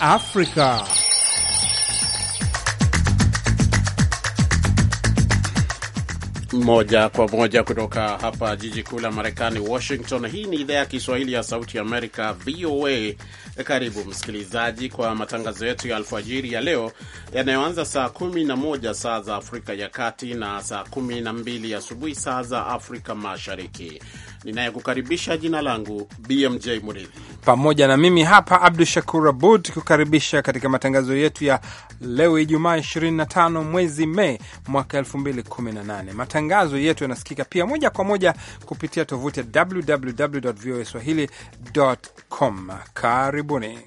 Afrika. Moja kwa moja kutoka hapa jiji kuu la Marekani, Washington. Hii ni idhaa ya Kiswahili ya Sauti Amerika, VOA. Karibu msikilizaji kwa matangazo yetu ya alfajiri ya leo yanayoanza saa 11 saa za Afrika ya Kati na saa 12 asubuhi saa za Afrika Mashariki ninayekukaribisha jina langu BMJ Muridhi, pamoja na mimi hapa Abdu Shakur Abud kukaribisha katika matangazo yetu ya leo Ijumaa 25 mwezi Mei mwaka 2018. Matangazo yetu yanasikika pia moja kwa moja kupitia tovuti ya www voa swahili com. Karibuni.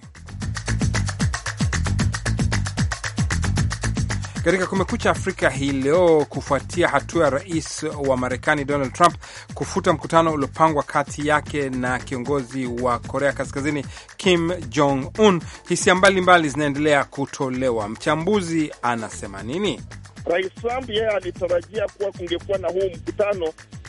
katika Kumekucha Afrika hii leo, kufuatia hatua ya rais wa Marekani Donald Trump kufuta mkutano uliopangwa kati yake na kiongozi wa Korea Kaskazini Kim Jong Un, hisia mbalimbali zinaendelea kutolewa. Mchambuzi anasema nini? Rais Trump yeye alitarajia kuwa kungekuwa na huu mkutano,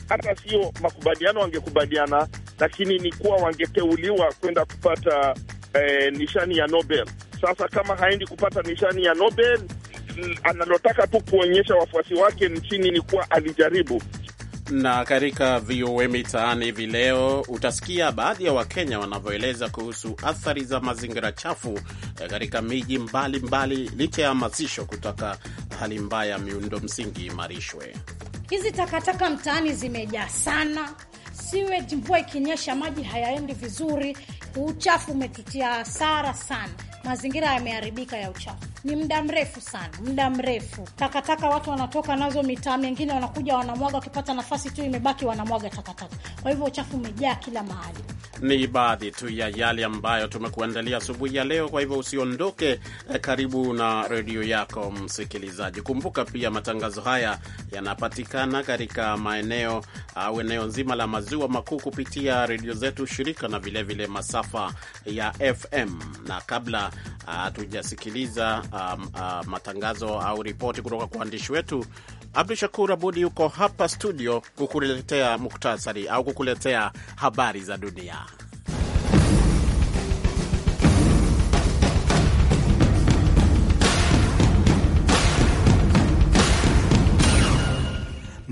hata sio makubaliano wangekubaliana, lakini ni kuwa wangeteuliwa kwenda kupata eh, nishani ya Nobel. Sasa kama haendi kupata nishani ya Nobel, analotaka tu kuonyesha wafuasi wake nchini ni kuwa alijaribu. Na katika VOA Mitaani hivi leo utasikia baadhi ya Wakenya wanavyoeleza kuhusu athari za mazingira chafu katika miji mbalimbali, licha ya hamasisho kutaka hali mbaya miundo msingi imarishwe. Hizi takataka mtaani zimejaa sana, siwe mvua ikinyesha maji hayaendi vizuri, uchafu umetutia hasara sana mazingira yameharibika ya uchafu, ni muda mrefu sana, muda mrefu. Takataka watu wanatoka nazo mitaa mengine wanakuja wanamwaga, wakipata nafasi tu imebaki wanamwaga takataka. Kwa hivyo uchafu umejaa kila mahali ni baadhi tu ya yale ambayo tumekuandalia asubuhi ya leo. Kwa hivyo usiondoke eh, karibu na redio yako msikilizaji. Kumbuka pia matangazo haya yanapatikana katika maeneo au eneo nzima la maziwa makuu kupitia redio zetu shirika na vilevile vile masafa ya FM. Na kabla ah, hatujasikiliza uh, um, uh, matangazo au ripoti kutoka kwa waandishi wetu Abdu Shakur Abudi yuko hapa studio kukuletea muktasari au kukuletea habari za dunia.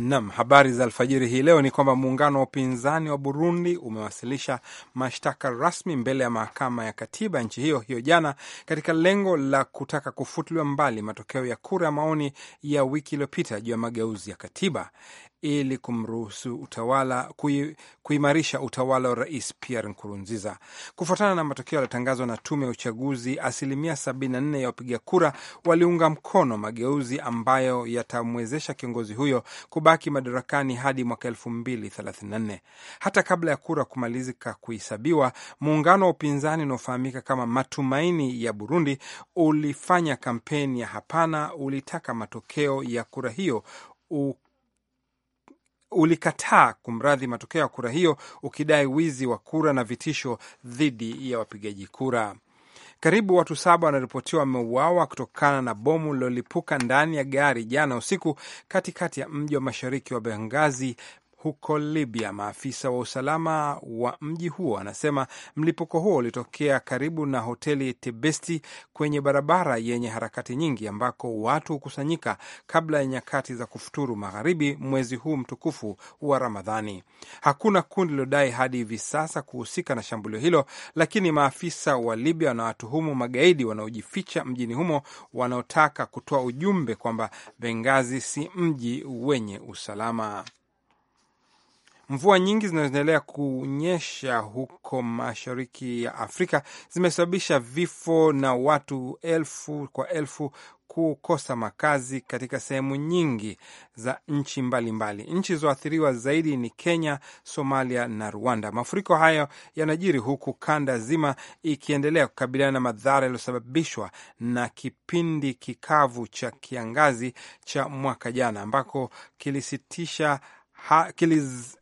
Nam, habari za alfajiri hii leo ni kwamba muungano wa upinzani wa Burundi umewasilisha mashtaka rasmi mbele ya mahakama ya katiba nchi hiyo hiyo jana katika lengo la kutaka kufutuliwa mbali matokeo ya kura ya maoni ya wiki iliyopita juu ya mageuzi ya katiba ili kumruhusu utawala kuimarisha utawala wa rais Pierre Nkurunziza. Kufuatana na matokeo yaliyotangazwa na tume ya uchaguzi, asilimia 74 ya wapiga kura waliunga mkono mageuzi ambayo yatamwezesha kiongozi huyo kubaki madarakani hadi mwaka 2034. Hata kabla ya kura kumalizika kuhesabiwa, muungano wa upinzani unaofahamika kama Matumaini ya Burundi ulifanya kampeni ya hapana, ulitaka matokeo ya kura hiyo ulikataa kumradhi matokeo ya kura hiyo ukidai wizi wa kura na vitisho dhidi ya wapigaji kura. Karibu watu saba wanaripotiwa wameuawa kutokana na bomu lilolipuka ndani ya gari jana usiku katikati ya mji wa mashariki wa Bengazi huko Libya. Maafisa wa usalama wa mji huo anasema mlipuko huo ulitokea karibu na hoteli Tebesti kwenye barabara yenye harakati nyingi ambako watu hukusanyika kabla ya nyakati za kufuturu magharibi mwezi huu mtukufu wa Ramadhani. Hakuna kundi lilodai hadi hivi sasa kuhusika na shambulio hilo, lakini maafisa wa Libya wanawatuhumu magaidi wanaojificha mjini humo wanaotaka kutoa ujumbe kwamba Bengazi si mji wenye usalama. Mvua nyingi zinazoendelea kunyesha huko mashariki ya Afrika zimesababisha vifo na watu elfu kwa elfu kukosa makazi katika sehemu nyingi za nchi mbalimbali. Nchi zilizoathiriwa zaidi ni Kenya, Somalia na Rwanda. Mafuriko hayo yanajiri huku kanda zima ikiendelea kukabiliana na madhara yaliyosababishwa na kipindi kikavu cha kiangazi cha mwaka jana ambako kilisitisha ha, kiliz,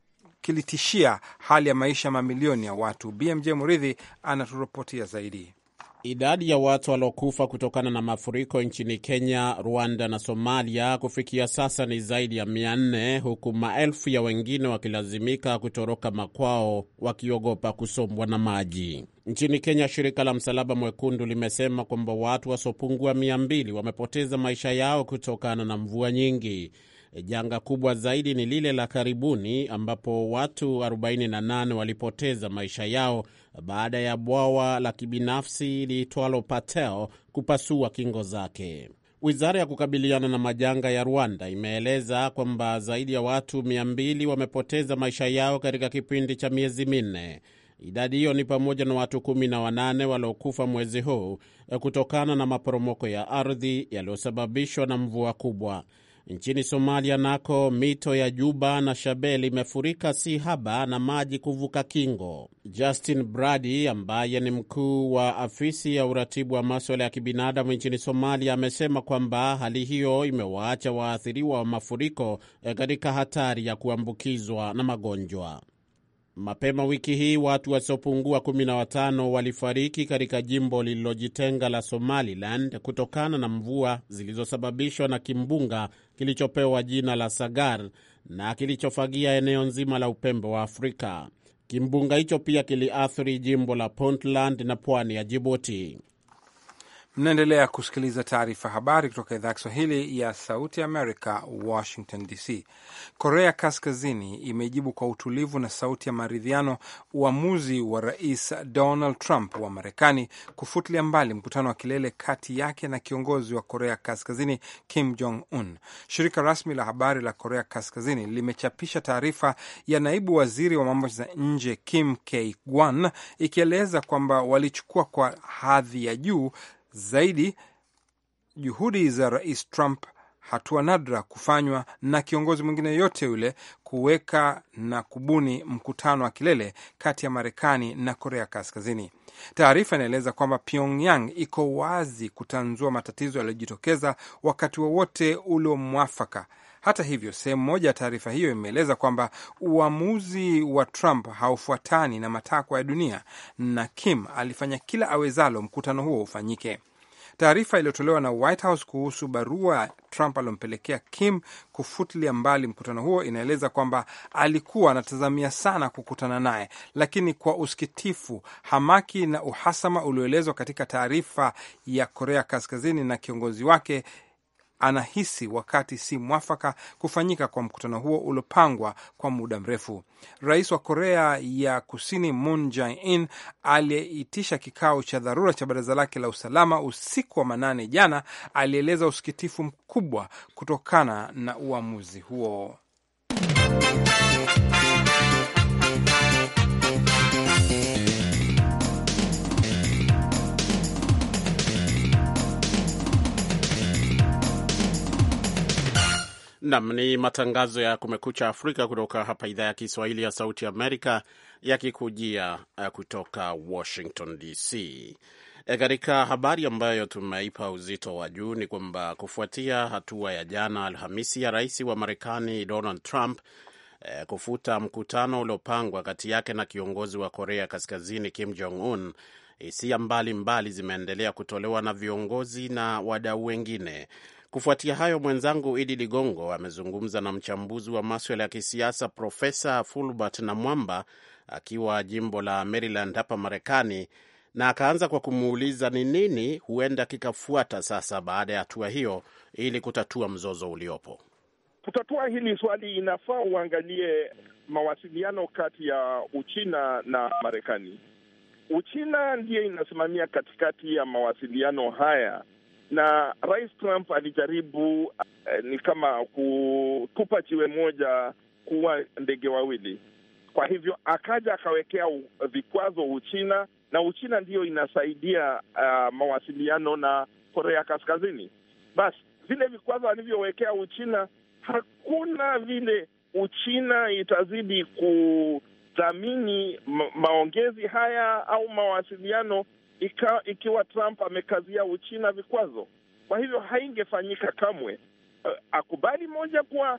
kilitishia hali ya maisha mamilioni ya watu. BMJ Muridhi anaturopotia zaidi. Idadi ya watu waliokufa kutokana na mafuriko nchini Kenya, Rwanda na Somalia kufikia sasa ni zaidi ya mia nne huku maelfu ya wengine wakilazimika kutoroka makwao wakiogopa kusombwa na maji. Nchini Kenya, shirika la Msalaba Mwekundu limesema kwamba watu wasiopungua mia mbili wamepoteza maisha yao kutokana na mvua nyingi. E, janga kubwa zaidi ni lile la karibuni ambapo watu 48 walipoteza maisha yao baada ya bwawa la kibinafsi liitwalo Patel kupasua kingo zake. Wizara ya kukabiliana na majanga ya Rwanda imeeleza kwamba zaidi ya watu 200 wamepoteza maisha yao katika kipindi cha miezi minne. Idadi hiyo ni pamoja na watu 18 waliokufa mwezi huu e, kutokana na maporomoko ya ardhi yaliyosababishwa na mvua kubwa. Nchini Somalia nako mito ya Juba na Shabelle imefurika si haba na maji kuvuka kingo. Justin Brady ambaye ni mkuu wa afisi ya uratibu wa maswala ya kibinadamu nchini Somalia amesema kwamba hali hiyo imewaacha waathiriwa wa mafuriko eh, katika hatari ya kuambukizwa na magonjwa. Mapema wiki hii watu wasiopungua 15 walifariki katika jimbo lililojitenga la Somaliland kutokana na mvua zilizosababishwa na kimbunga kilichopewa jina la Sagar na kilichofagia eneo nzima la upembe wa Afrika. Kimbunga hicho pia kiliathiri jimbo la Puntland na pwani ya Jibuti. Mnaendelea kusikiliza taarifa habari kutoka idhaa ya Kiswahili ya Sauti Amerika, Washington DC. Korea Kaskazini imejibu kwa utulivu na sauti ya maridhiano uamuzi wa Rais Donald Trump wa Marekani kufutilia mbali mkutano wa kilele kati yake na kiongozi wa Korea Kaskazini Kim Jong Un. Shirika rasmi la habari la Korea Kaskazini limechapisha taarifa ya naibu waziri wa mambo za nje Kim k Gwan ikieleza kwamba walichukua kwa hadhi ya juu zaidi juhudi za Rais Trump, hatua nadra kufanywa na kiongozi mwingine yote yule, kuweka na kubuni mkutano wa kilele kati ya Marekani na Korea Kaskazini. Taarifa inaeleza kwamba Pyongyang iko wazi kutanzua matatizo yaliyojitokeza wakati wowote uliomwafaka mwafaka hata hivyo, sehemu moja ya taarifa hiyo imeeleza kwamba uamuzi wa Trump haufuatani na matakwa ya dunia na Kim alifanya kila awezalo mkutano huo ufanyike. Taarifa iliyotolewa na White House kuhusu barua Trump aliompelekea Kim kufutilia mbali mkutano huo inaeleza kwamba alikuwa anatazamia sana kukutana naye, lakini kwa usikitifu, hamaki na uhasama ulioelezwa katika taarifa ya Korea Kaskazini na kiongozi wake anahisi wakati si mwafaka kufanyika kwa mkutano huo uliopangwa kwa muda mrefu. Rais wa Korea ya Kusini Moon Jae-in aliyeitisha kikao cha dharura cha baraza lake la usalama usiku wa manane jana alieleza usikitifu mkubwa kutokana na uamuzi huo. Nam ni matangazo ya Kumekucha Afrika kutoka hapa idhaa ya Kiswahili ya Sauti Amerika yakikujia eh, kutoka Washington DC. E, eh, katika habari ambayo tumeipa uzito wa juu ni kwamba kufuatia hatua ya jana Alhamisi ya rais wa Marekani Donald Trump e, kufuta mkutano uliopangwa kati yake na kiongozi wa Korea Kaskazini Kim Jong Un hisia mbalimbali zimeendelea kutolewa na viongozi na wadau wengine. Kufuatia hayo, mwenzangu Idi Ligongo amezungumza na mchambuzi wa maswala ya kisiasa Profesa Fulbert na Mwamba akiwa jimbo la Maryland hapa Marekani, na akaanza kwa kumuuliza ni nini huenda kikafuata sasa baada ya hatua hiyo ili kutatua mzozo uliopo. Kutatua hili swali, inafaa uangalie mawasiliano kati ya Uchina na Marekani. Uchina ndiyo inasimamia katikati ya mawasiliano haya, na Rais Trump alijaribu eh, ni kama kutupa jiwe moja kuwa ndege wawili. Kwa hivyo akaja akawekea vikwazo Uchina, na Uchina ndiyo inasaidia uh, mawasiliano na Korea Kaskazini. Basi vile vikwazo alivyowekea Uchina, hakuna vile Uchina itazidi ku kudhamini ma maongezi haya au mawasiliano ika, ikiwa Trump amekazia Uchina vikwazo. Kwa hivyo haingefanyika kamwe. Uh, akubali moja kuwa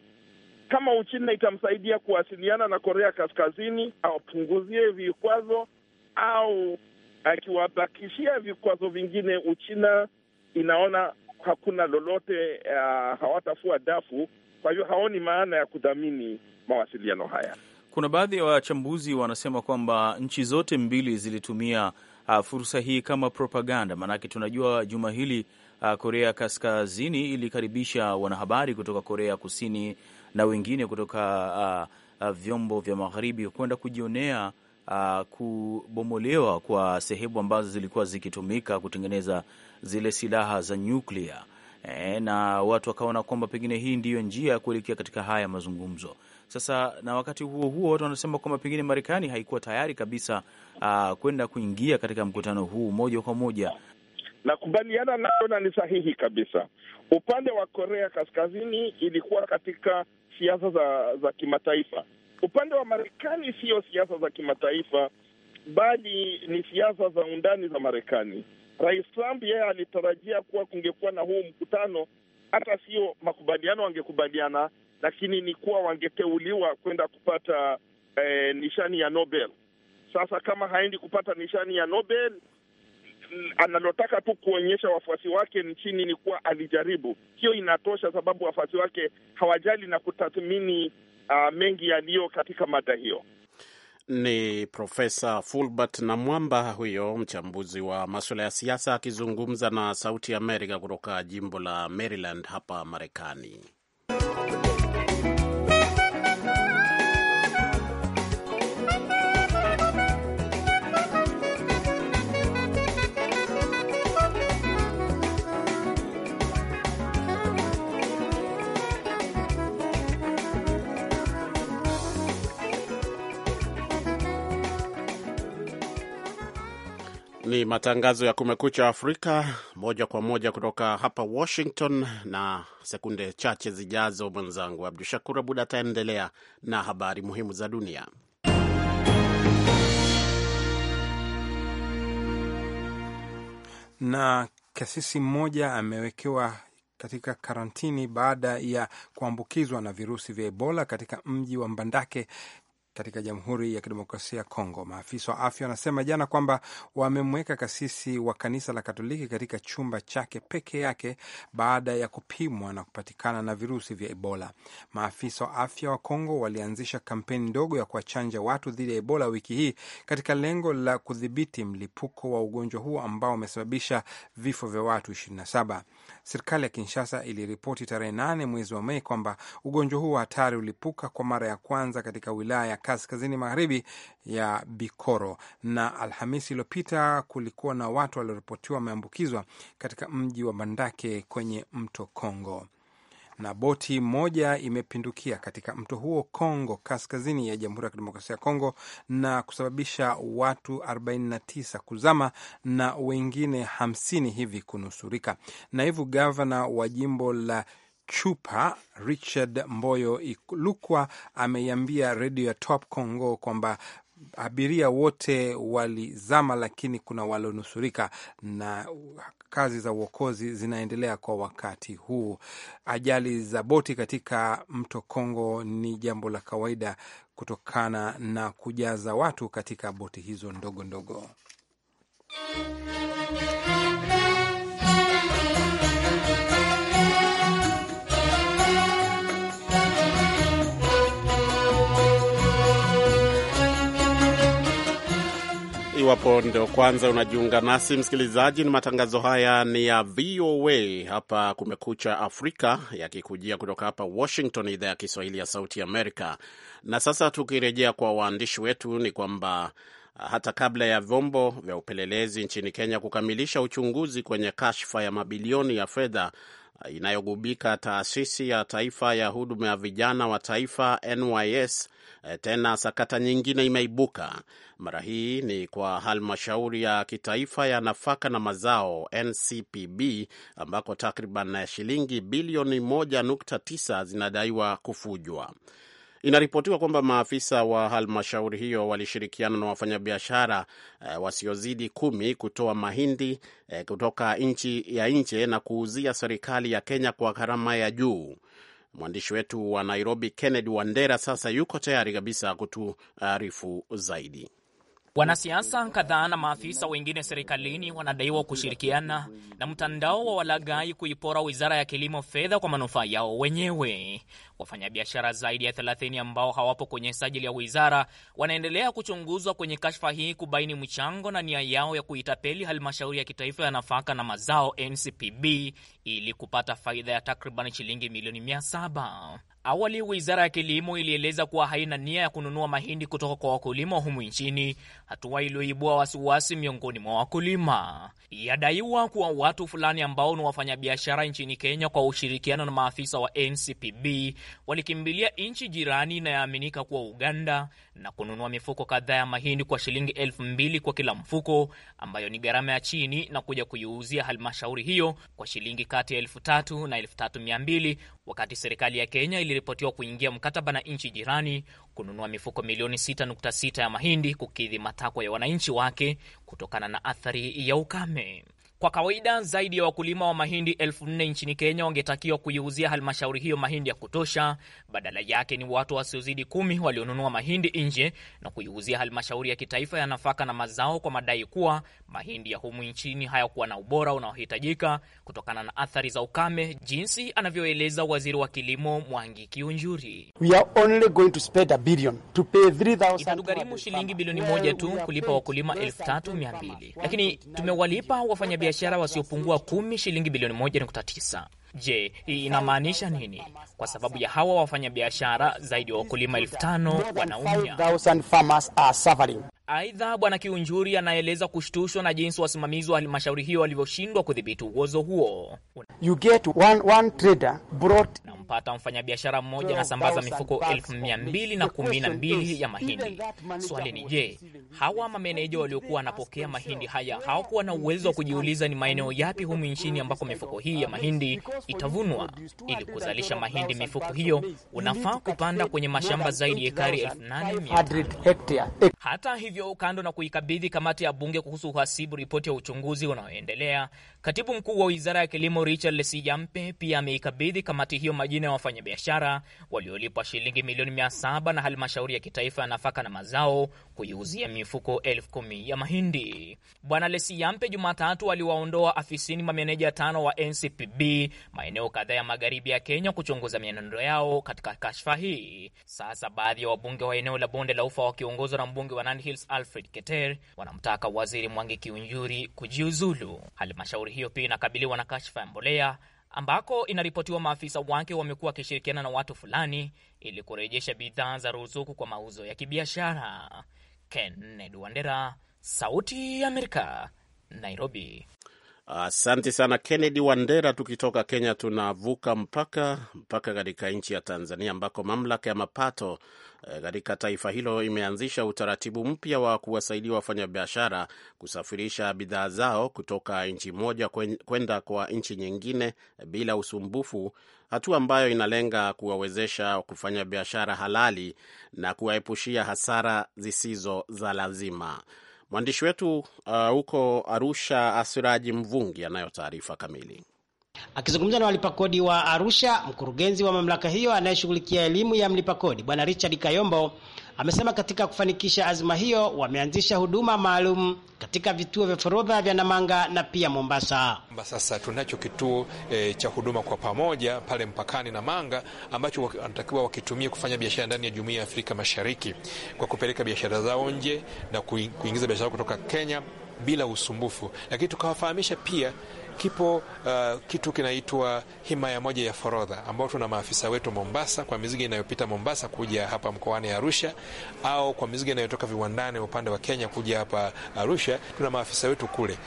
kama Uchina itamsaidia kuwasiliana na Korea Kaskazini, apunguzie vikwazo au akiwabakishia vikwazo vingine, Uchina inaona hakuna lolote, uh, hawatafua dafu. Kwa hivyo haoni maana ya kudhamini mawasiliano haya kuna baadhi ya wa wachambuzi wanasema kwamba nchi zote mbili zilitumia uh, fursa hii kama propaganda, maanake tunajua juma hili uh, Korea Kaskazini ilikaribisha wanahabari kutoka Korea Kusini na wengine kutoka uh, uh, vyombo vya magharibi kwenda kujionea Uh, kubomolewa kwa sehemu ambazo zilikuwa zikitumika kutengeneza zile silaha za nyuklia e, na watu wakaona kwamba pengine hii ndiyo njia ya kuelekea katika haya mazungumzo sasa. Na wakati huo huo watu wanasema kwamba pengine Marekani haikuwa tayari kabisa ah, kwenda kuingia katika mkutano huu moja kwa moja. Nakubaliana naona ni sahihi kabisa. Upande wa Korea Kaskazini ilikuwa katika siasa za, za kimataifa. Upande wa Marekani siyo siasa za kimataifa, bali ni siasa za undani za Marekani. Rais Trump yeye alitarajia kuwa kungekuwa na huu mkutano, hata sio makubaliano wangekubaliana, lakini ni kuwa wangeteuliwa kwenda kupata eh, nishani ya Nobel. Sasa kama haendi kupata nishani ya Nobel, analotaka tu kuonyesha wafuasi wake nchini ni kuwa alijaribu. Hiyo inatosha, sababu wafuasi wake hawajali na kutathmini uh, mengi yaliyo katika mada hiyo. Ni Profesa Fulbert Namwamba huyo mchambuzi wa maswala ya siasa akizungumza na Sauti ya Amerika kutoka jimbo la Maryland hapa Marekani. Ni matangazo ya Kumekucha Afrika moja kwa moja kutoka hapa Washington, na sekunde chache zijazo mwenzangu Abdu Shakur Abud ataendelea na habari muhimu za dunia. Na kasisi mmoja amewekewa katika karantini baada ya kuambukizwa na virusi vya Ebola katika mji wa Mbandake katika Jamhuri ya Kidemokrasia ya Kongo. Maafisa wa afya wanasema jana kwamba wamemweka kasisi wa kanisa la Katoliki katika chumba chake peke yake baada ya kupimwa na kupatikana na virusi vya Ebola. Maafisa wa afya wa Kongo walianzisha kampeni ndogo ya kuwachanja watu dhidi ya Ebola wiki hii katika lengo la kudhibiti mlipuko wa ugonjwa huo ambao umesababisha vifo vya watu 27. Serikali ya Kinshasa iliripoti tarehe 8 mwezi wa Mei kwamba ugonjwa huo hatari ulipuka kwa mara ya kwanza katika wilaya kaskazini magharibi ya Bikoro. Na Alhamisi iliyopita kulikuwa na watu walioripotiwa wameambukizwa katika mji wa Bandake kwenye mto Kongo na boti moja imepindukia katika mto huo Kongo, kaskazini ya Jamhuri ya Kidemokrasia ya Kongo, na kusababisha watu 49 kuzama na wengine 50 hivi kunusurika. Naibu gavana wa jimbo la Chupa Richard Mboyo Lukwa ameiambia redio ya Top Congo kwamba abiria wote walizama, lakini kuna walionusurika na kazi za uokozi zinaendelea kwa wakati huu. Ajali za boti katika mto Kongo ni jambo la kawaida kutokana na kujaza watu katika boti hizo ndogo ndogo. Iwapo ndio kwanza unajiunga nasi msikilizaji, ni matangazo haya ni ya VOA hapa Kumekucha Afrika, yakikujia kutoka hapa Washington, idhaa ya Kiswahili ya Sauti Amerika. Na sasa tukirejea kwa waandishi wetu, ni kwamba ah, hata kabla ya vyombo vya upelelezi nchini Kenya kukamilisha uchunguzi kwenye kashfa ya mabilioni ya fedha inayogubika taasisi ya taifa ya huduma ya vijana wa taifa NYS. E, tena sakata nyingine imeibuka. Mara hii ni kwa halmashauri ya kitaifa ya nafaka na mazao NCPB, ambako takriban shilingi bilioni 1.9 zinadaiwa kufujwa. Inaripotiwa kwamba maafisa wa halmashauri hiyo walishirikiana na wafanyabiashara e, wasiozidi kumi kutoa mahindi e, kutoka nchi ya nje na kuuzia serikali ya Kenya kwa gharama ya juu. Mwandishi wetu wa Nairobi Kennedy Wandera sasa yuko tayari kabisa kutuarifu zaidi. Wanasiasa kadhaa na maafisa wengine serikalini wanadaiwa kushirikiana na mtandao wa walaghai kuipora wizara ya kilimo fedha kwa manufaa yao wenyewe. Wafanyabiashara zaidi ya 30 ambao hawapo kwenye sajili ya wizara wanaendelea kuchunguzwa kwenye kashfa hii kubaini mchango na nia yao ya kuitapeli halmashauri ya kitaifa ya nafaka na mazao NCPB ili kupata faida ya takriban shilingi milioni 700. Awali wizara ya kilimo ilieleza kuwa haina nia ya kununua mahindi kutoka kwa wakulima humu nchini, hatua iliyoibua wasiwasi miongoni mwa wakulima. Yadaiwa kuwa watu fulani ambao ni wafanyabiashara nchini Kenya kwa ushirikiano na maafisa wa NCPB walikimbilia nchi jirani inayoaminika kuwa Uganda na kununua mifuko kadhaa ya mahindi kwa shilingi elfu mbili kwa kila mfuko, ambayo ni gharama ya chini, na kuja kuiuzia halmashauri hiyo kwa shilingi kati ya elfu tatu na elfu tatu mia mbili wakati serikali ya Kenya iliripotiwa kuingia mkataba na nchi jirani kununua mifuko milioni 6.6 ya mahindi kukidhi matakwa ya wananchi wake kutokana na athari ya ukame. Kwa kawaida zaidi ya wakulima wa mahindi elfu nne nchini Kenya wangetakiwa kuiuzia halmashauri hiyo mahindi ya kutosha. Badala yake ni watu wasiozidi kumi walionunua mahindi nje na kuiuzia halmashauri ya kitaifa ya nafaka na mazao kwa madai kuwa mahindi ya humu nchini hayakuwa na ubora unaohitajika kutokana na athari za ukame, jinsi anavyoeleza waziri wa kilimo Mwangi Kiunjuri. Itatugharimu shilingi bilioni moja tu kulipa wakulima elfu tatu mia mbili lakini tumewalipa wafanya wafanyabiashara wasiopungua kumi shilingi bilioni 1.9. Je, hii inamaanisha nini? Kwa sababu ya hawa wafanyabiashara zaidi ya wakulima elfu tano wanaumia. Aidha, Bwana Kiunjuri anaeleza kushtushwa na jinsi wasimamizi wa halmashauri hiyo walivyoshindwa kudhibiti uozo huo. You get one, one trader brought... nampata mfanyabiashara mmoja anasambaza mifuko elfu mia mbili na kumi na mbili ya mahindi. Swali ni je, hawa mameneja waliokuwa wanapokea mahindi haya hawakuwa na uwezo wa kujiuliza ni maeneo yapi humu nchini ambako mifuko hii ya uh, mahindi itavunwa? Ili kuzalisha mahindi mifuko hiyo, unafaa kupanda kwenye mashamba zaidi ya ekari elfu nane mia hata hivyo hivyo, kando na kuikabidhi kamati ya bunge kuhusu uhasibu ripoti ya uchunguzi unaoendelea, katibu mkuu wa wizara ya kilimo Richard Lesijampe pia ameikabidhi kamati hiyo majina ya wafanyabiashara waliolipwa shilingi milioni mia saba na halmashauri ya kitaifa ya nafaka na mazao kuiuzia mifuko elfu kumi ya mahindi. Bwana Lesijampe Jumatatu aliwaondoa afisini mameneja tano wa NCPB maeneo kadhaa ya magharibi ya Kenya kuchunguza mienendo yao katika kashfa hii. Sasa baadhi ya wabunge wa eneo la bonde la ufa wakiongozwa na mbunge wa Nandi Hills Alfred Keter wanamtaka Waziri Mwangi Kiunjuri kujiuzulu. Halmashauri hiyo pia inakabiliwa na kashfa ya mbolea ambako inaripotiwa maafisa wake wamekuwa wakishirikiana na watu fulani ili kurejesha bidhaa za ruzuku kwa mauzo ya kibiashara. Kennedy Wandera, Sauti ya Amerika, Nairobi. Asante uh, sana Kennedy Wandera. Tukitoka Kenya tunavuka mpaka mpaka katika nchi ya Tanzania ambako mamlaka ya mapato eh, katika uh, taifa hilo imeanzisha utaratibu mpya wa kuwasaidia wafanyabiashara kusafirisha bidhaa zao kutoka nchi moja kwenda kwa nchi nyingine bila usumbufu, hatua ambayo inalenga kuwawezesha kufanya biashara halali na kuwaepushia hasara zisizo za lazima. Mwandishi wetu uh, huko uh, Arusha, Asiraji Mvungi anayo taarifa kamili. Akizungumza na walipa kodi wa Arusha, mkurugenzi wa mamlaka hiyo anayeshughulikia elimu ya mlipa kodi Bwana Richard Kayombo Amesema katika kufanikisha azma hiyo wameanzisha huduma maalum katika vituo vya forodha vya Namanga na pia Mombasa. Sasa tunacho kituo e, cha huduma kwa pamoja pale mpakani Namanga ambacho wanatakiwa wakitumia kufanya biashara ndani ya Jumuiya ya Afrika Mashariki kwa kupeleka biashara zao nje na kuingiza biashara kutoka Kenya bila usumbufu, lakini tukawafahamisha pia kipo uh, kitu kinaitwa himaya moja ya forodha, ambao tuna maafisa wetu Mombasa kwa mizigo inayopita Mombasa kuja hapa mkoani Arusha, au kwa mizigo inayotoka viwandani upande wa Kenya kuja hapa Arusha, tuna maafisa wetu kule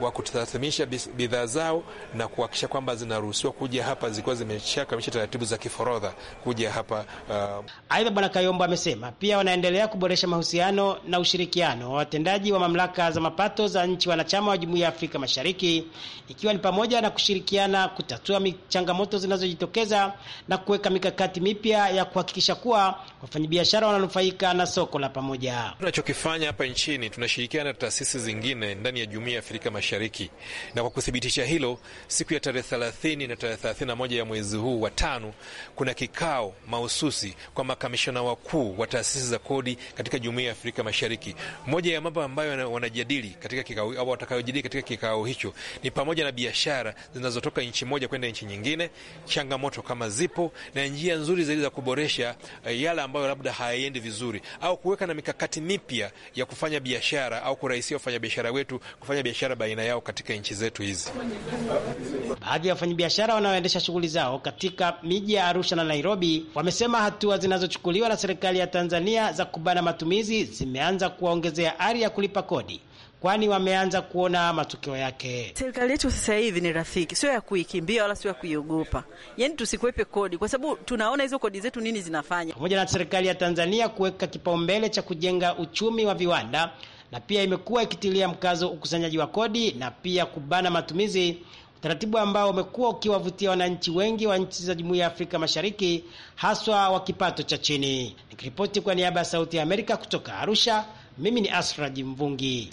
wa kutathmisha bidhaa zao na kuhakikisha kwamba zinaruhusiwa kuja hapa zikiwa zimeshakamilisha taratibu za kiforodha kuja hapa uh... Aidha, Bwana Kayombo amesema pia wanaendelea kuboresha mahusiano na ushirikiano wa watendaji wa mamlaka za mapato za nchi wanachama wa Jumuiya ya Afrika Mashariki ikiwa ni pamoja na kushirikiana kutatua changamoto zinazojitokeza na kuweka mikakati mipya ya kuhakikisha kuwa wafanyabiashara wananufaika na soko la pamoja. Tunachokifanya hapa nchini, tunashirikiana na taasisi zingine ndani ya Jumuiya ya Afrika Mashariki, na kwa kuthibitisha hilo, siku ya tarehe thelathini na tarehe moja ya mwezi huu wa tano, kuna kikao mahususi kwa makamishana wakuu wa taasisi za kodi katika Jumuiya ya Afrika Mashariki. Moja ya mambo ambayo wanajadili katika kikao au watakayojadili katika kikao hicho ni pamoja na biashara zinazotoka nchi moja kwenda nchi nyingine, changamoto kama zipo na njia nzuri zaidi za kuboresha eh, yale ambayo labda hayaendi vizuri, au kuweka na mikakati mipya ya kufanya biashara au kurahisisha wafanyabiashara wetu kufanya biashara baina yao katika nchi zetu hizi. Baadhi ya wafanyabiashara wanaoendesha shughuli zao katika miji ya Arusha na Nairobi wamesema hatua zinazochukuliwa na serikali ya Tanzania za kubana matumizi zimeanza kuwaongezea ari ya kulipa kodi kwani wameanza kuona matokeo yake. Serikali yetu sasa hivi ni rafiki, sio ya kuikimbia wala sio ya kuiogopa. Yani tusikwepe kodi, kwa sababu tunaona hizo kodi zetu nini zinafanya. Pamoja na serikali ya Tanzania kuweka kipaumbele cha kujenga uchumi wa viwanda, na pia imekuwa ikitilia mkazo ukusanyaji wa kodi na pia kubana matumizi, utaratibu ambao umekuwa ukiwavutia wananchi wengi wa nchi za Jumuiya ya Afrika Mashariki, haswa wa kipato cha chini. Nikiripoti kwa niaba ya Sauti ya Amerika kutoka Arusha, mimi ni Asraji Mvungi.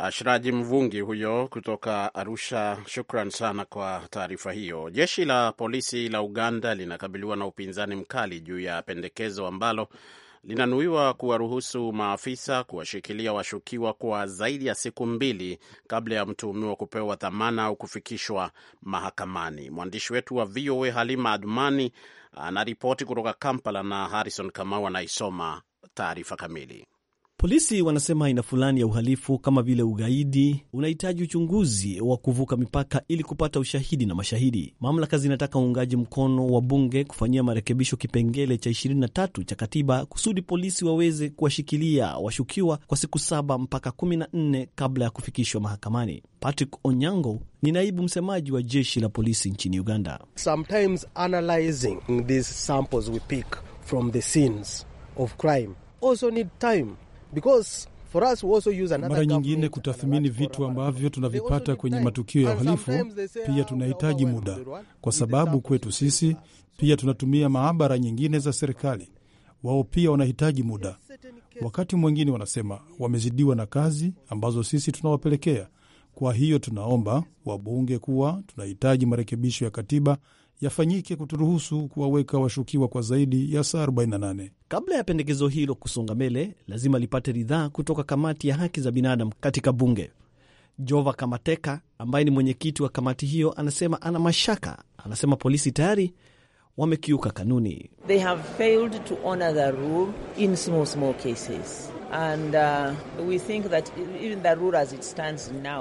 Ashraji Mvungi huyo kutoka Arusha, shukran sana kwa taarifa hiyo. Jeshi la polisi la Uganda linakabiliwa na upinzani mkali juu ya pendekezo ambalo linanuiwa kuwaruhusu maafisa kuwashikilia washukiwa kwa zaidi ya siku mbili kabla ya mtuhumiwa kupewa dhamana au kufikishwa mahakamani. Mwandishi wetu wa VOA Halima Admani anaripoti kutoka Kampala na Harrison Kamau anaisoma taarifa kamili. Polisi wanasema aina fulani ya uhalifu kama vile ugaidi unahitaji uchunguzi wa kuvuka mipaka ili kupata ushahidi na mashahidi. Mamlaka zinataka uungaji mkono wa bunge kufanyia marekebisho kipengele cha 23 cha katiba kusudi polisi waweze kuwashikilia washukiwa kwa siku saba mpaka 14 kabla ya kufikishwa mahakamani. Patrick Onyango ni naibu msemaji wa jeshi la polisi nchini Uganda. Sometimes analyzing these samples we pick from the scenes of crime also need time Because Mara nyingine kutathmini vitu ambavyo tunavipata kwenye matukio ya uhalifu, pia ah, tunahitaji muda, kwa sababu kwetu sisi pia tunatumia maabara nyingine za serikali. Wao pia wanahitaji muda. Wakati mwingine wanasema wamezidiwa na kazi ambazo sisi tunawapelekea. Kwa hiyo tunaomba wabunge kuwa tunahitaji marekebisho ya katiba yafanyike kuturuhusu kuwaweka washukiwa kwa zaidi ya saa 48. Kabla ya pendekezo hilo kusonga mbele, lazima lipate ridhaa kutoka kamati ya haki za binadamu katika bunge. Jova Kamateka ambaye ni mwenyekiti wa kamati hiyo anasema ana mashaka. Anasema polisi tayari wamekiuka kanuni. They have failed to honor the rule in small, small cases. Uh,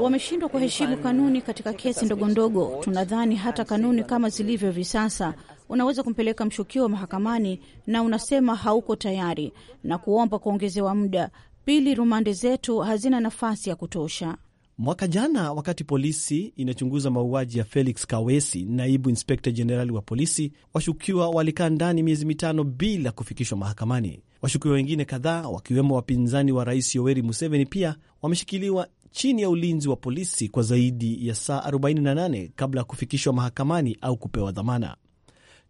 wameshindwa kuheshimu kanuni katika kesi ndogo ndogo. Tunadhani hata kanuni kama zilivyo hivi sasa, unaweza kumpeleka mshukiwa mahakamani na unasema hauko tayari na kuomba kuongezewa muda. Pili, rumande zetu hazina nafasi ya kutosha. Mwaka jana wakati polisi inachunguza mauaji ya Felix Kawesi, naibu inspekta jenerali wa polisi, washukiwa walikaa ndani miezi mitano bila kufikishwa mahakamani. Washukiwa wengine kadhaa wakiwemo wapinzani wa rais Yoweri Museveni pia wameshikiliwa chini ya ulinzi wa polisi kwa zaidi ya saa 48 kabla ya kufikishwa mahakamani au kupewa dhamana.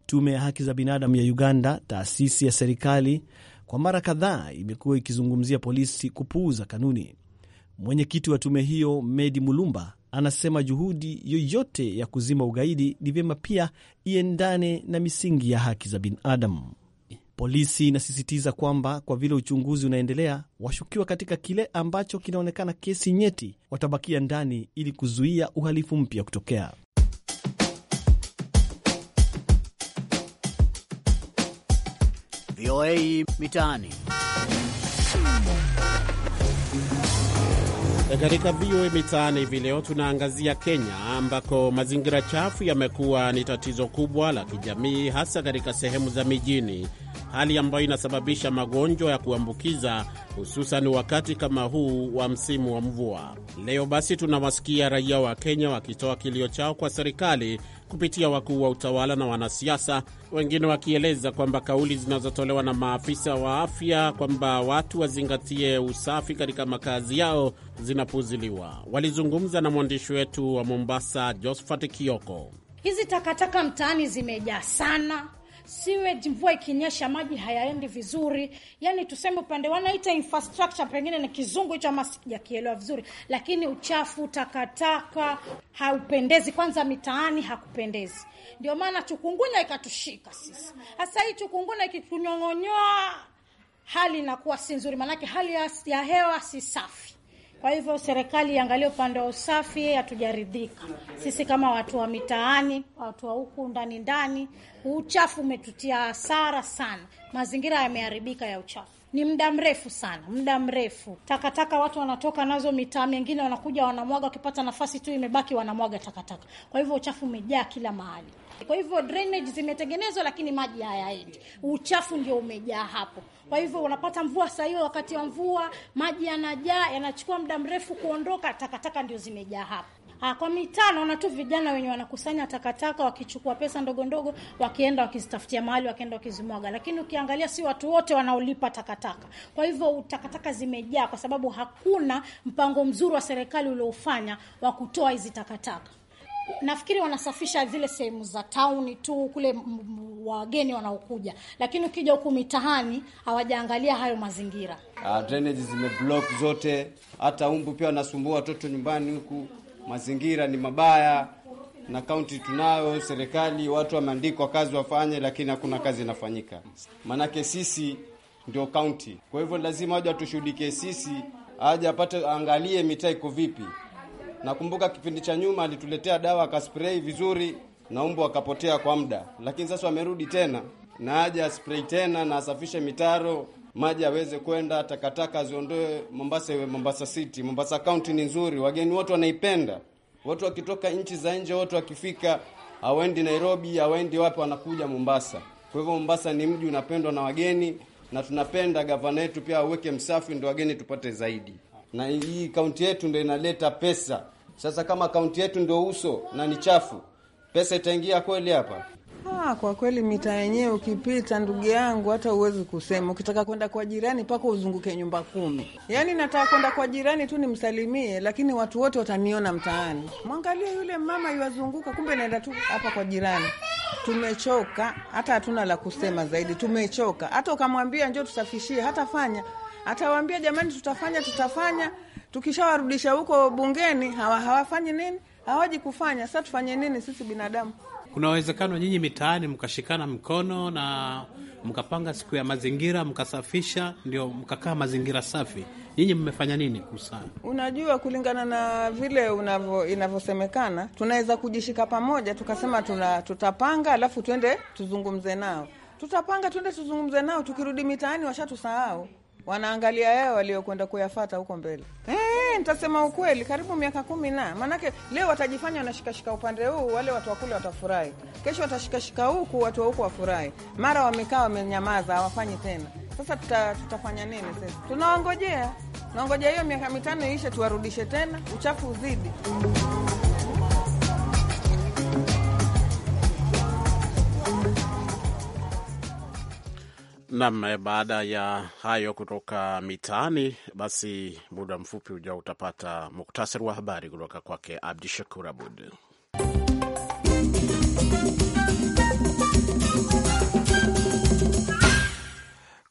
Tume ya haki za binadamu ya Uganda, taasisi ya serikali, kwa mara kadhaa imekuwa ikizungumzia polisi kupuuza kanuni. Mwenyekiti wa tume hiyo Medi Mulumba anasema juhudi yoyote ya kuzima ugaidi ni vyema pia iendane na misingi ya haki za binadamu. Polisi inasisitiza kwamba kwa vile uchunguzi unaendelea, washukiwa katika kile ambacho kinaonekana kesi nyeti watabakia ndani ili kuzuia uhalifu mpya kutokea. VOA Mitaani. Katika VOA Mitaani hivi leo tunaangazia Kenya ambako mazingira chafu yamekuwa ni tatizo kubwa la kijamii hasa katika sehemu za mijini hali ambayo inasababisha magonjwa ya kuambukiza hususan wakati kama huu wa msimu wa mvua. Leo basi tunawasikia raia wa Kenya wakitoa kilio chao kwa serikali kupitia wakuu wa utawala na wanasiasa, wengine wakieleza kwamba kauli zinazotolewa na maafisa wa afya kwamba watu wazingatie usafi katika makazi yao zinapuziliwa. Walizungumza na mwandishi wetu wa Mombasa, josphat Kioko. Hizi takataka mtaani zimejaa sana sewage, mvua ikinyesha maji hayaendi vizuri. Yani tuseme upande wanaita infrastructure, pengine ni kizungu hicho ama sijakielewa vizuri, lakini uchafu, takataka haupendezi. Kwanza mitaani hakupendezi, ndio maana chukungunya ikatushika sisi. Hasa hii chukungunya ikitunyong'onyoa, hali inakuwa si nzuri, maanake hali ya hewa si safi. Kwa hivyo serikali iangalie upande wa usafi, hatujaridhika sisi kama watu wa mitaani, watu wa huku ndani ndani. Uchafu umetutia hasara sana, mazingira yameharibika ya uchafu ni muda mrefu sana, muda mrefu. Takataka watu wanatoka nazo mitaa mingine, wanakuja wanamwaga, wakipata nafasi tu imebaki wanamwaga takataka. Kwa hivyo uchafu umejaa kila mahali. Kwa hivyo drainage zimetengenezwa, lakini maji hayaendi, uchafu ndio umejaa hapo. Kwa hivyo unapata mvua saa hiyo, wakati wa mvua maji yanajaa, yanachukua muda mrefu kuondoka, takataka ndio zimejaa hapo. Ah, kwa mitaa naona tu vijana wenye wanakusanya takataka wakichukua pesa ndogo ndogo wakienda wakizitafutia mahali wakienda wakizimwaga, lakini ukiangalia si watu wote wanaolipa takataka. Kwa hivyo takataka zimejaa kwa sababu hakuna mpango mzuri wa serikali uliofanya wa kutoa hizi takataka. Nafikiri wanasafisha zile sehemu za tauni tu kule wageni wanaokuja, lakini ukija huku mitaani hawajaangalia hayo mazingira. Ah, drainage zimeblock zote, hata umbu pia wanasumbua watoto nyumbani huku mazingira ni mabaya, na kaunti tunayo serikali, watu wameandikwa kazi wafanye, lakini hakuna kazi inafanyika. Maanake sisi ndio kaunti, kwa hivyo lazima aje atushughulikie sisi, aje apate, aangalie mitaa iko vipi. Nakumbuka kipindi cha nyuma alituletea dawa akasprei vizuri na umbu akapotea kwa muda, lakini sasa wamerudi tena na aje asprei tena na asafishe mitaro maji aweze kwenda, takataka ziondoe Mombasa, iwe Mombasa City. Mombasa County ni nzuri, wageni wote wanaipenda. Watu wakitoka nchi za nje, watu wakifika, hawaendi Nairobi, hawaendi wapi, wanakuja Mombasa. Kwa hivyo Mombasa ni mji unapendwa na wageni, na tunapenda gavana yetu pia aweke msafi, ndio wageni tupate zaidi, na hii kaunti yetu ndio inaleta pesa. Sasa kama kaunti yetu ndio uso na ni chafu, pesa itaingia kweli hapa? Ah, kwa kweli mita yenyewe ukipita, ndugu yangu, hata uwezi kusema. Ukitaka kwenda kwa jirani pako uzunguke nyumba kumi. Yaani nataka kwenda kwa jirani tu nimsalimie, lakini watu wote wataniona mtaani. Mwangalie yule mama yuwazunguka, kumbe naenda tu hapa kwa jirani. Tumechoka, hata hatuna la kusema zaidi. Tumechoka, hata ukamwambia njoo tusafishie, hatafanya. Atawaambia jamani, tutafanya tutafanya. Tukishawarudisha huko bungeni hawa, hawafanyi nini? Hawaji kufanya. Sasa tufanye nini sisi binadamu? kuna uwezekano nyinyi mitaani mkashikana mkono na mkapanga siku ya mazingira, mkasafisha, ndio mkakaa mazingira safi. Nyinyi mmefanya nini kusana? Unajua, kulingana na vile unavyo inavyosemekana, tunaweza kujishika pamoja tukasema tuna, tutapanga alafu tuende tuzungumze nao tutapanga tuende tuzungumze nao, tukirudi mitaani washatusahau wanaangalia yao waliokwenda kuyafata huko mbele. Eh, nitasema ukweli, karibu miaka kumi na maanake, leo watajifanya wanashikashika upande huu, wale watu wakule watafurahi, kesho watashikashika huku, watu wa huku wafurahi, mara wamekaa wamenyamaza, hawafanyi tena. Sasa tuta, tutafanya nini sasa? Tunawangojea, naongojea hiyo miaka mitano iishe, tuwarudishe tena, uchafu uzidi. Nam, baada ya hayo kutoka mitaani, basi muda mfupi ujao utapata muktasari wa habari kutoka kwake Abdi Shakur Abud.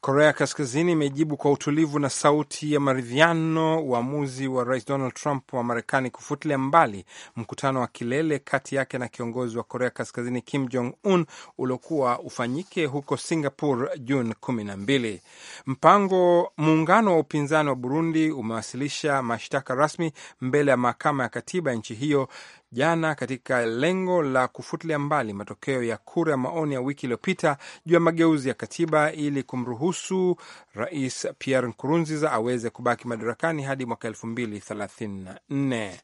Korea Kaskazini imejibu kwa utulivu na sauti ya maridhiano uamuzi wa Rais Donald Trump wa Marekani kufutilia mbali mkutano wa kilele kati yake na kiongozi wa Korea Kaskazini Kim Jong Un uliokuwa ufanyike huko Singapore Juni kumi na mbili. Mpango muungano wa upinzani wa Burundi umewasilisha mashtaka rasmi mbele ya mahakama ya katiba ya nchi hiyo jana katika lengo la kufutilia mbali matokeo ya kura ya maoni ya wiki iliyopita juu ya mageuzi ya katiba ili kumruhusu Rais Pierre Nkurunziza aweze kubaki madarakani hadi mwaka elfu mbili thelathini na nne.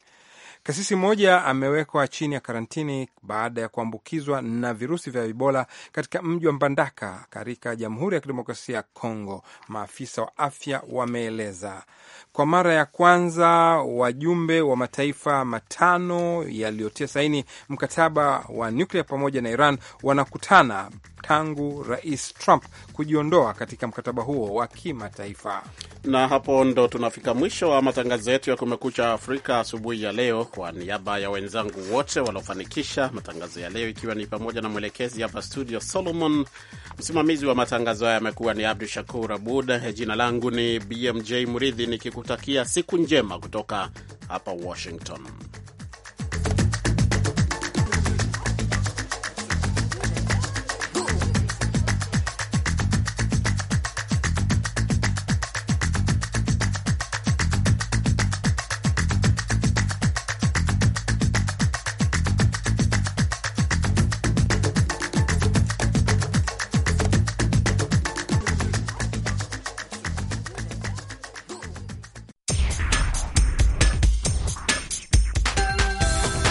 Kasisi mmoja amewekwa chini ya karantini baada ya kuambukizwa na virusi vya Ebola katika mji wa Mbandaka katika Jamhuri ya Kidemokrasia ya Kongo, maafisa wa afya wameeleza. Kwa mara ya kwanza wajumbe wa mataifa matano yaliyotia saini mkataba wa nyuklia pamoja na Iran wanakutana tangu Rais Trump kujiondoa katika mkataba huo wa kimataifa. Na hapo ndo tunafika mwisho wa matangazo yetu ya Kumekucha Afrika asubuhi ya leo. Kwa niaba ya wenzangu wote waliofanikisha matangazo ya leo, ikiwa ni pamoja na mwelekezi hapa studio Solomon, msimamizi wa matangazo haya amekuwa ni Abdu Shakur Abud. Jina langu ni BMJ Muridhi, nikikutakia siku njema kutoka hapa Washington.